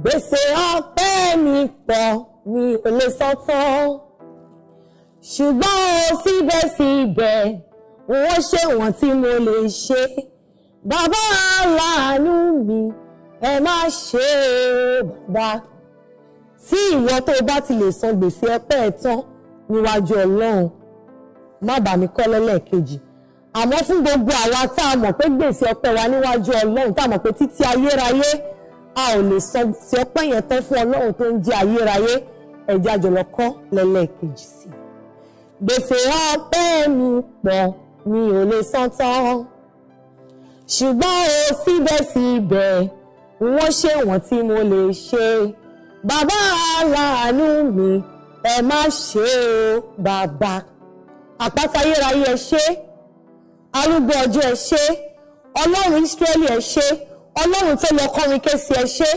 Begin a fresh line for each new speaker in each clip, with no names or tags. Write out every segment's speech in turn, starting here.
gbèsè ọ̀fẹ́ mi pọ̀ mi ò lè sọ tán ṣùgbọ́n síbẹ̀síbẹ̀ wọ́n ṣe wọ́n tí mo lè ṣe bàbá aláàánú mi ẹ má ṣe bàbá tí ìwọ tó bá ti lè san gbèsè ẹpẹ́ ẹ tán níwájú ọlọ́run má bà mí kọ́ lẹ́lẹ́kejì àmọ́ fún gbogbo àwa tá a mọ̀ pé gbèsè ọpẹ́ wa níwájú ọlọ́run tá a mọ̀ pé títí ayérayé a ò lè sọ tí ọpẹ́ yẹn tán fún ọlọ́run tó ń jẹ́ ayérayé ẹ̀jẹ̀ àjọlọ kọ́ lẹ́lẹ́kejì sí i. gbèsè ọpẹ́ mi pọ̀ mi ò lè san tán ṣùgbọ́n o síbẹ̀síbẹ̀ wọ́n ṣe wọ́n tí mo lè ṣe bàbá aláàánú mi ẹ má ṣe o bàbá àpáta ayérayé ẹ ṣé arúgbó ọjọ́ ẹ ṣé ọlọ́run Ísírẹ́lì ẹ ṣé ọlọ́run tó lọ kọrin kése ẹ ṣé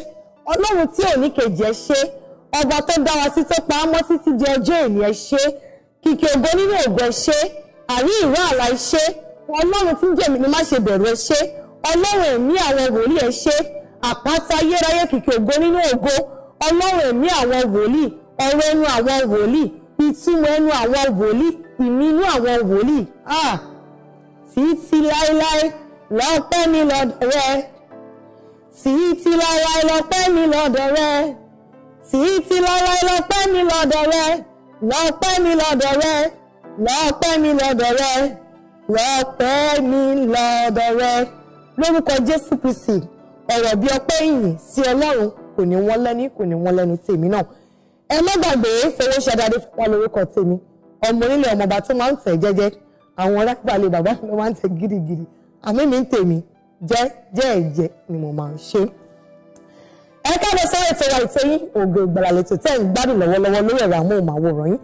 ọlọ́run tí ò ní kejì ẹ ṣé ọba tó dá wa sí tó pa á mọ́ títí di ọjọ́ èmi ẹ ṣé kìkì ògo nínú ògo ẹ ṣé àrí ìwé àlà ẹ ṣé ọlọ́run tí ń jẹ̀mí ni má ṣe bẹ̀rù ẹ ṣé ọlọ́run ẹ̀mí àwọn wòlíì ẹ ṣé àpáta ayérayé kìkì ògo nínú ògo ọlọ́run ẹ̀mí àwọn wòlíì ọ̀rọ̀ ẹnu àwọn wòlíì ìtumọ̀ ẹnu àwọn wòlíì ìmínú àwọn wòlíì ah! títí láéláé lọ́pẹ́ ní lọ́dọ̀ rẹ̀ títí láíláí lọpẹ́ mi lọ́dọ̀ rẹ títí láíláí lọpẹ́ mi lọ́dọ̀ rẹ lọpẹ́ mi lọ́dọ̀ rẹ lọpẹ́ mi lọ́dọ̀ rẹ lọpẹ́ mi lọ́dọ̀ rẹ lórúkọ Jésù Kristi ọ̀rọ̀ bí ọpẹ́ ìyìn sí Ọlọ́run kò ní wọ́n lẹ́ni kò ní wọ́n lẹ́nu tèmi náà ẹ má gbàgbé fowó ṣàdáde fún wa lórúkọ tèmi ọmọ onílé ọmọọba tó máa ń tẹ̀ jẹ́jẹ́ àwọn rákìbalè bàbá mi máa ń tẹ̀ gidigidi àmì mi ń tèmi jẹ́ẹ̀jẹ́ ni mo máa ń ṣe. ẹ káàbọ̀ sọ́wọ́ ètò wa ètò yín Ògo Ìgbàlà lètò tẹ́ ń gbádùn lọ́wọ́lọ́wọ́ lórí ẹ̀rọ amóhùnmáwòrán yín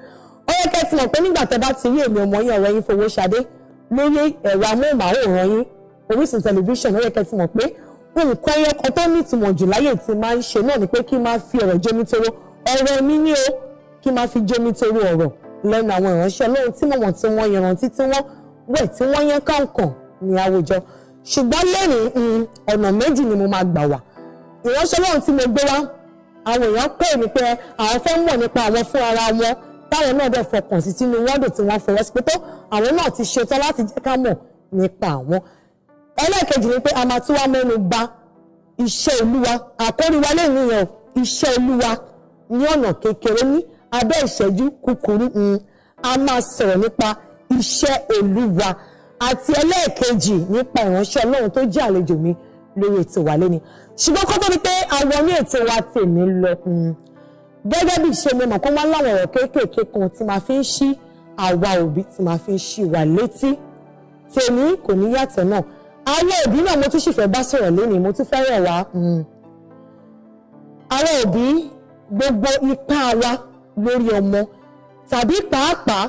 ó yẹ kẹ́ ti mọ̀ pé nígbà tẹ́ bá ti rí èmi ọmọ yín ọ̀rẹ́ yín Fowóṣadé lórí ẹ̀rọ amóhùnmáwòrán yín Orísun tẹlifíṣàn ó yẹ kẹ́ ti mọ̀ pé nǹkan ẹyọ kan tó nítumọ̀ jù láyè tí máa ń ṣe náà ni pé kí máa fi ọ̀rọ̀ jomitoro ọ̀rọ̀ mi ní o kí máa fi jomitoro ọ̀rọ̀ lẹ́nu àwọn ìránṣẹ́ Ọlọ́run tí mọ̀mọ́ tí wọ́n yanrantí tí wọ́n wẹ̀ tí wọ́n yán kàǹkàn ní àwùjọ ṣùgbọ́n lónìí mm, ọ̀nà méjì ni mo máa gbà wá ìránṣẹ́ lọ́run tí mo gbé wá àwọn èèyàn pè mí pé àwọn fẹ́ mọ̀ nípa àwọn fún ara wọn táwọn náà dẹ̀ fọkàn sí sínú wọ́ọ̀dù tí wọ́n fọwọ́ sí pé tó àwọn náà ti ṣetán láti jẹ́ ká mọ̀ nípa àwọn ẹlẹ́ẹ̀kejì ni pé a máa tún wá mẹ́nu bà iṣẹ́ olúwa àkórí wa lè níyàn iṣẹ́ olúwa ní ọ̀nà kékeré ní abẹ́ ìṣẹ́jú kúkúrú mm, a máa sọ̀rọ̀ nípa iṣẹ́ olúwa àti ẹlẹ́ẹ̀kejì nípa ìránṣẹ́ ọlọ́run tó jẹ́ àlejò mi lórí ètò wa lẹ́ni ṣùgbọ́n kó tó di pé àwọn ní ètò wa tèmi lọ hmm, gẹ́gẹ́ bí ṣe mi mọ̀ kó máa láwọn ọ̀rọ̀ kéékèèké kan tí màá fi ń ṣí àwa òbí tí màá fi ń ṣí wa létí tèmi kò ní yàtọ̀ náà àwọn òbí náà mo tún sì fẹ́ bá sọ̀rọ̀ lónìí mo tún fẹ́ràn wa hmm. àwọn òbí gbogbo ipá wa lórí ọmọ tàbí pàápàá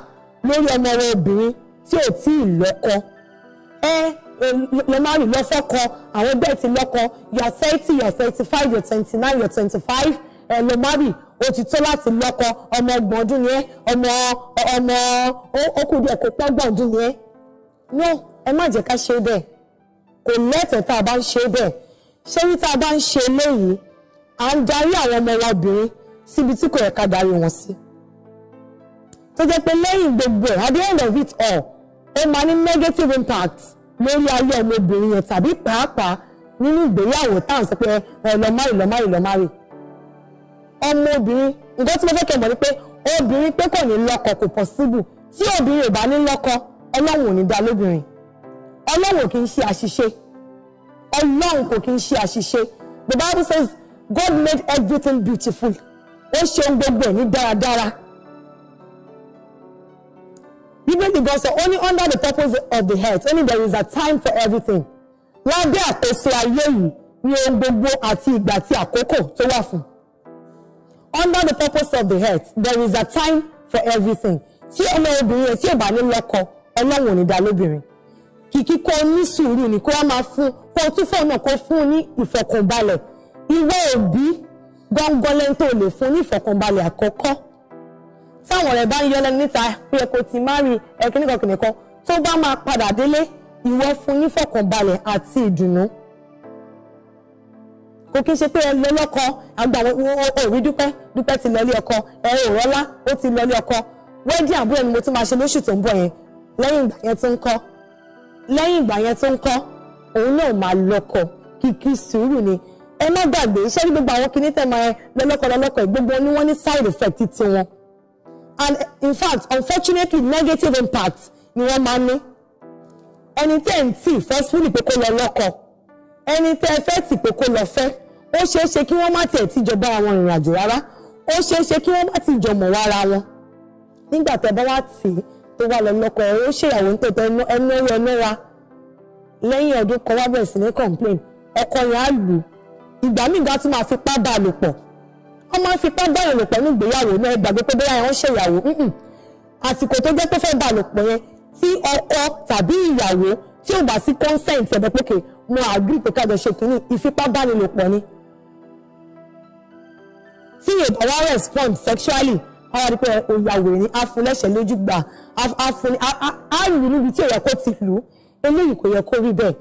lórí ọmọ wa obìnrin tí ò tí ì lọ́kọ ẹ lọ máa rìn lọ́fọ́kọ àwọn bẹ́ẹ̀ ti lọ́kọ yà thirty yà thirty five yà twenty nine yà twenty five ẹ lọ máa rìn ó ti tó láti lọ́kọ ọmọ ọgbọ̀n ọdún ni ẹ ọmọ ọmọ ọkùnrin ẹ̀kọ́ pọ́gbọ̀n ọdún ni ẹ no ẹ má jẹ́ ká ṣe bẹ́ẹ̀ kò lẹ́tọ̀ọ́ tá a bá ń ṣe bẹ́ẹ̀ ṣé ní tá a bá ń ṣe léyìí à ń darí àwọn ọmọ wa obìnrin síbi tí kò yẹ ká darí wọn sí tó jẹ́ pé lẹ́yìn gbogbo ẹ̀ at the end of it all ó máa ní negative impact lórí ayé ọmọbìnrin yẹn tàbí pàápàá nínú ìgbéyàwó tá à ń sọ pé ọlọmárì lọmárì lọmárì ọmọbìnrin nǹkan tí mo fẹ́ kẹ́ mọ̀ ni pé obìnrin pé kò ní lọ́kọ kò possible tí obìnrin ò bá ní lọ́kọ ọlọ́run ò ní dá lóbìnrin ọlọ́run kì í ṣe àṣìṣe ọlọ́run kò kì í ṣe àṣìṣe the bible says God made everything beautiful ó ṣe ohun gbogbo ẹ̀ ní dáradára bíbélì the sọ ó ní under the purpose of the earth ó there is a time for everything lábẹ́ àkóso ayé yìí ní ohun gbogbo àti ìgbà àti àkókò tó wà fún under the purpose of the earth there is a time for everything tí ọmọ obìnrin yẹn tí ò bá ní lọ́kọ ọlọ́run ò ní dá lóbìnrin kìkì kó ní sùúrù ni kó o máa fún kó o tún fóònù kó o fún un ní ìfọ̀kànbalẹ̀ ìwé òbí gbọ́ngbọ́n lẹ́ńtò lè fún ní ìfọ̀kànbalẹ̀ àkọ́kọ́ táwọn ọ̀rẹ́ bá ń yọ lẹ́nu níta pé ẹ kò tí má rí ẹ kíníkan kíníkan tó bá máa padà délé ìwọ fún ní fọkànbalẹ̀ àti ìdùnnú kò kí n ṣe pé ẹ lọ lọ́kọ àgbà òrí dúpẹ́ dúpẹ́ ti lọlé ọkọ ẹ ò rọ́lá ó ti lọlé ọkọ wẹ́dí àbúrò ni mo tún máa ṣe lóṣù tó ń bọ̀ yẹn lẹ́yìn ìgbà yẹn tó ń kọ́ lẹ́yìn ìgbà yẹn tó ń kọ́ òun náà máa lọ́kọ kìkì sùúrù ni ẹ má gbàgbé iṣẹ́ ní gbogbo àwọn kìnìtẹ̀ máa lọ́lọ́kọ lọ́lọ́kọ gbogbo ni wọ́n ní side effect tiwọn and in fact unfortunately negative impact ni wọ́n máa ń ní ẹni tẹ́ ń tì fẹ́sífúlì pé kó lọ lọ́kọ ẹni tẹ́ fẹ́ tì pé kó lọ fẹ́ ó ṣeé ṣe kí wọ́n má tiẹ̀ ti jọ bá àwọn ìrìn àjò rárá ó ṣeé ṣe kí wọ́n má ti jọ wára wọn nígbà tẹ́ bá wá tì í tó wá lọ lọ́kọ ẹ̀ ó ṣèyàwó ń tètè ẹnu ẹ̀rọ ẹ̀nọ́ra ọdún kan wá sí ní complain ọkọ yẹn á lù ìgbà míì gá tún máa fipá bá a lò pọ̀ wọ́n máa ń fipá bẹ̀rẹ̀ lò pẹ̀lú ìgbéyàwó náà gbàgbé pé bóyá wọ́n ṣèyàwó àsìkò tó jẹ́ pé fẹ́ bá lò pọ̀ yẹn tí ọkọ tàbí ìyàwó tí ò bá sí consent ẹ̀bẹ̀ pókè mo agree pé kájọ ṣe kínní ìfipábánilòpọ̀ ni tí ìbá wa respond sexually àwọn àdìpẹ́ òyàwó ni a fún lẹ́sẹ̀ lójú gbà a fún a lù níbi tí òyà kó ti lù eléyìí kò yẹ kó rí bẹ́ẹ̀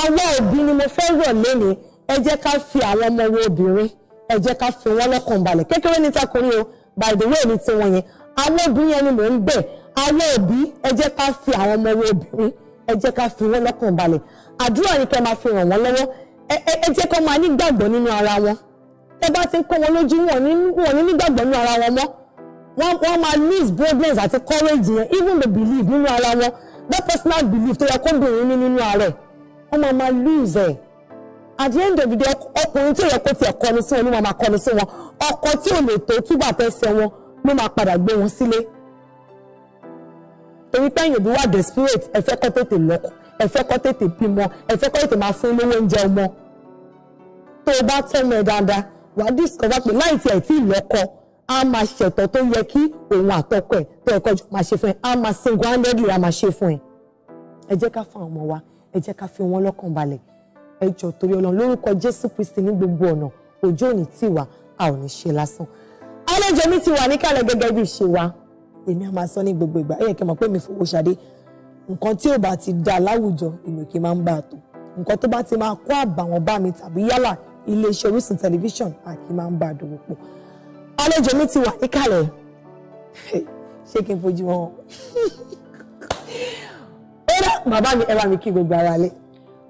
àwa òbí ni mo fẹ́ rọ̀ lónìí ẹ jẹ́ ká fi àwọn ọmọ wo obìnrin ẹ jẹ́ ká fi wọ́n lọ́kàn balẹ̀ kékeré ní takori o by the way ní tiwọn yẹn àwọn obìnrin ẹni mò ń bẹ̀ àwọn òbí ẹ jẹ́ ká fi àwọn ọmọ wọn obìnrin ẹ jẹ́ ká fi wọ́n lọ́kàn balẹ̀ àdúrà ni kẹ́ máa fi ràn wọ́n lọ́wọ́ ẹ jẹ́ kó máa nígbàgbọ́ nínú ara wọn tẹ́ bá ti ń kọ́ wọn lójú wọn ní nígbàgbọ́ nínú ara wọn mọ́ wọ́n máa lose boldness àti courage yẹn even the belief nínú ara wọn that personal belief tó yẹ kó bìnrin ní nínú ara ẹ̀ wọ́n máa máa lose ẹ̀ at the end of the day ọkùnrin tí èyẹ kò tiẹ̀ kọnu sí wọn ló máa máa kọnu sí wọn ọkọ tí ò lè tó túbà tẹ́sẹ̀ wọn ló máa padà gbé wọn sílé torí pé èyàn bí wà desperate ẹ fẹ́ kọ́ tètè lọ́kọ ẹ fẹ́ kọ́ tètè bímọ ẹ fẹ́ kọ́ tètè máa fún lówó oúnjẹ ọmọ tó o bá tọ́nu ẹ dáadáa wàá discover pé láì tí ẹ̀ tí ì lọ́kọ á máa ṣètọ́ tó yẹ kí òun àtọkọ ẹ̀ tó ẹ̀kọ́ jù máa ṣe fún ẹ á máa single handedly á máa ṣe fún ẹ ẹ jẹ́ ká fún àwọn ọmọ wa ẹ jẹ́ ká fi wọn lọ́kàn balẹ̀ ẹjọ torí Ọlọ́run lórúkọ Jésù Kristi ní gbogbo ọ̀nà òjò òní tì wá a ò ní ṣe lásán àlejò mi ti wà níkàlẹ̀ gẹ́gẹ́ bí ìṣe wa èmi á máa sọ ní gbogbo ìgbà ẹ̀yẹ̀ kẹ́ mọ̀ pé mi fowó ṣadé nǹkan tí ò bá ti dá láwùjọ èmi ò kì í máa ń bá a tó nǹkan tó bá ti máa kó àbàwọ́n bá mi tàbí yálà iléeṣẹ́ Orísun tẹlifíṣàn a kì í máa ń bá a dòwò pọ̀ àlejò mi ti wà níkàlẹ̀ ṣé kí n fojú wọn ó dá bàbá mi ẹ bá mi kí gbogbo ara lé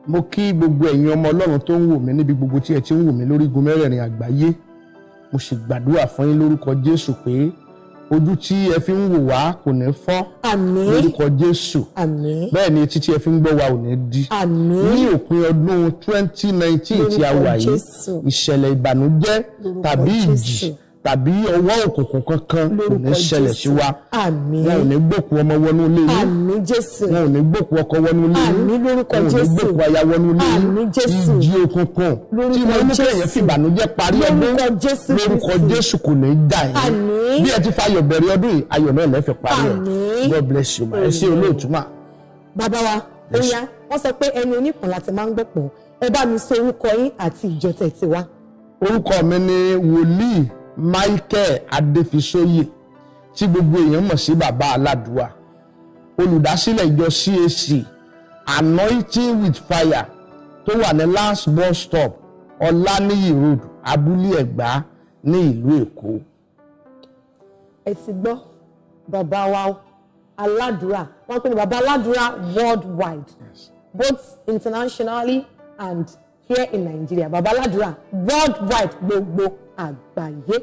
mo kí gbogbo ẹ̀yin ọmọ ọlọ́run tó ń wò mí níbi gbogbo tí ẹ ti ń wò mí lórí igun mẹ́rẹ̀ẹ̀rin àgbáyé mo sì gbàdúrà fún yín lórúkọ jésù pé ojú tí ẹ fi ń wò wá kò ní fọ́ àmín lórúkọ jésù àmín bẹ́ẹ̀ ni etí tí ẹ fi ń gbọ́ wa ò ní di ní òpin ọdún twenty nineteen a wà yìí ìṣẹ̀lẹ̀ ìbànújẹ́ tàbí ìjì tàbí ọwọ́ òkùnkùn kankan kò ní ṣẹlẹ̀ sí wa wọn ò ní gbòkú ọmọ wọnú ilé yín wọn ò ní gbòkú ọkọ wọnú ilé yín wọn ò ní gbòkú aya wọnú ilé yín ìjì òkùnkùn tí wọn mú kéèyàn fi parí ọdún lórúkọ Jésù kò ní dà yín bí ẹ ti fa ayọ̀ bẹ̀rẹ̀ ọdún yìí ayọ̀ náà lẹ́fẹ̀ parí ẹ̀ God bless you ma ẹ ṣé olóòtú ma.
bàbá wa Oya, yá wọ́n sọ pé ẹni oníkan
láti máa ń gbẹ̀pọ̀ ẹ bá mi sọ orúkọ yín àti ìjọ tẹ̀ orúkọ mi ni wòlíì Michael Adéfisóyè tí gbogbo èèyàn mọ̀ sí bàbá aládùúwà olùdásílẹ̀ ìjọ CAC anointing with fire tó wà ní last bus stop ọláníyì road abúlé ẹ̀gbá ní ìlú èkó. ẹ ti
gbọ́ bàbá wa aládùúrà wọ́n pè ní bàbá aládùúrà worldwide both internationally and here in Nigeria bàbá aládùúrà worldwide gbogbo àgbáyé.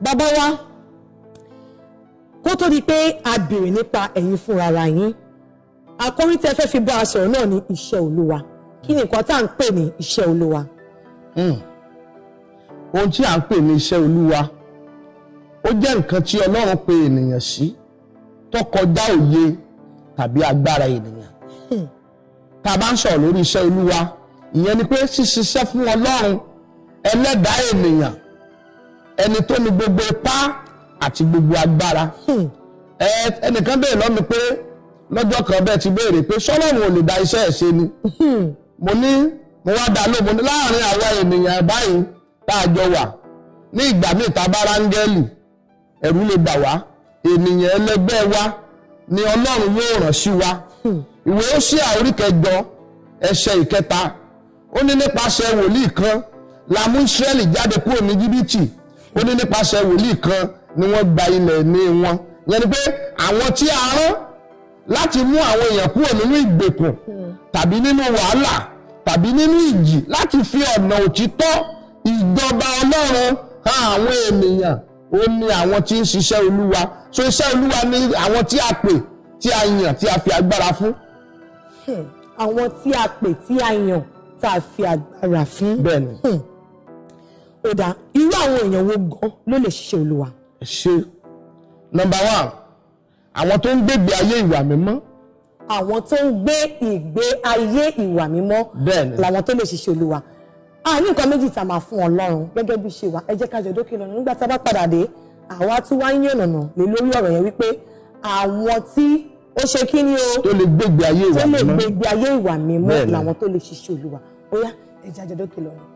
bàbá wa kó tó di pé a béèrè nípa ẹ̀yin fúnra yín àkórí tẹ́ fẹ́ fi bá a sọ̀rọ̀ náà ni iṣẹ́ olúwa
kí ni nǹkan tá à ń pè ní iṣẹ́ olúwa. Hmm. ohun tí à ń pè ní iṣẹ́ olúwa ó jẹ́ nǹkan tí ọlọ́run pe ènìyàn sí tó kọjá òye tàbí agbára ènìyàn hmm. tá a bá ń sọ̀rọ̀ lórí iṣẹ́ olúwa ìyẹn ni pé ṣíṣiṣẹ́ fún ọlọ́run ẹlẹ́dàá ènìyàn ẹni tó ní gbogbo ipá àti gbogbo agbára hmm. ẹnìkan béèrè lọ́mi pé lọ́jọ́ kan bẹ́ẹ̀ ti béèrè pé sọ́lọ́run ò lè da iṣẹ́ ẹ̀ ṣe ni hmm. mo ní mo wá dá lóbo ní láàrin àwọn ènìyàn báyìí tá a jọ wà ní ìgbà míì ta bá rángẹ́lì ẹ̀rù lè bà wá ènìyàn ẹlẹgbẹ́ wa ni ọlọ́run yóò ràn sí wa hmm. ìwé ó ṣí àoríkẹjọ ẹsẹ̀ ìkẹta ó ní nípasẹ̀ wòlíì kan la mú Ísírẹ́lì jáde kúrò ní jìbìtì ó ní nípasẹ̀ wòlíì kan ni wọ́n gba ilẹ̀ ní wọn yẹn ni pé àwọn tí a rán láti mú àwọn èèyàn kúrò nínú ìgbèkùn tàbí nínú wàhálà tàbí nínú ìjì láti fi ọ̀nà òtítọ́ ìjọba ọlọ́run hàn àwọn ènìyàn ó ní àwọn tí ń ṣiṣẹ́ olúwa so iṣẹ́ olúwa ni àwọn tí a pè tí a yàn tí a fi agbára fún. Hmm, àwọn tí a pè
tí a yàn tá a fi agbára fún. bẹ́ẹ̀ni. Hmm ó dáa irú àwọn èèyàn wo gan ló lè ṣiṣẹ́ olúwa. ṣe nọ́mbà one àwọn tó ń gbégbé ayé ìwà mímọ́. àwọn tó ń gbé ìgbé ayé ìwà mímọ́ làwọn tó lè ṣiṣẹ́ olúwa a ní nǹkan méjì tá a máa fún ọlọ́run gẹ́gẹ́ bí ṣe wà ẹ jẹ́ ká jọ dókè lọ́nà nígbà tá a bá padà dé àwa tí wàá yín ọ̀nà lè lórí ọ̀rọ̀ yẹn wípé àwọn tí ó ṣe kí ni o tó lè gbégbé ayé ìwà mímọ́ tó lè gbégbé ayé ìwà mímọ́ làwọn tó lè ṣiṣẹ́ olúwa ó ẹ jẹ́ àjọ dókè lọ́nà.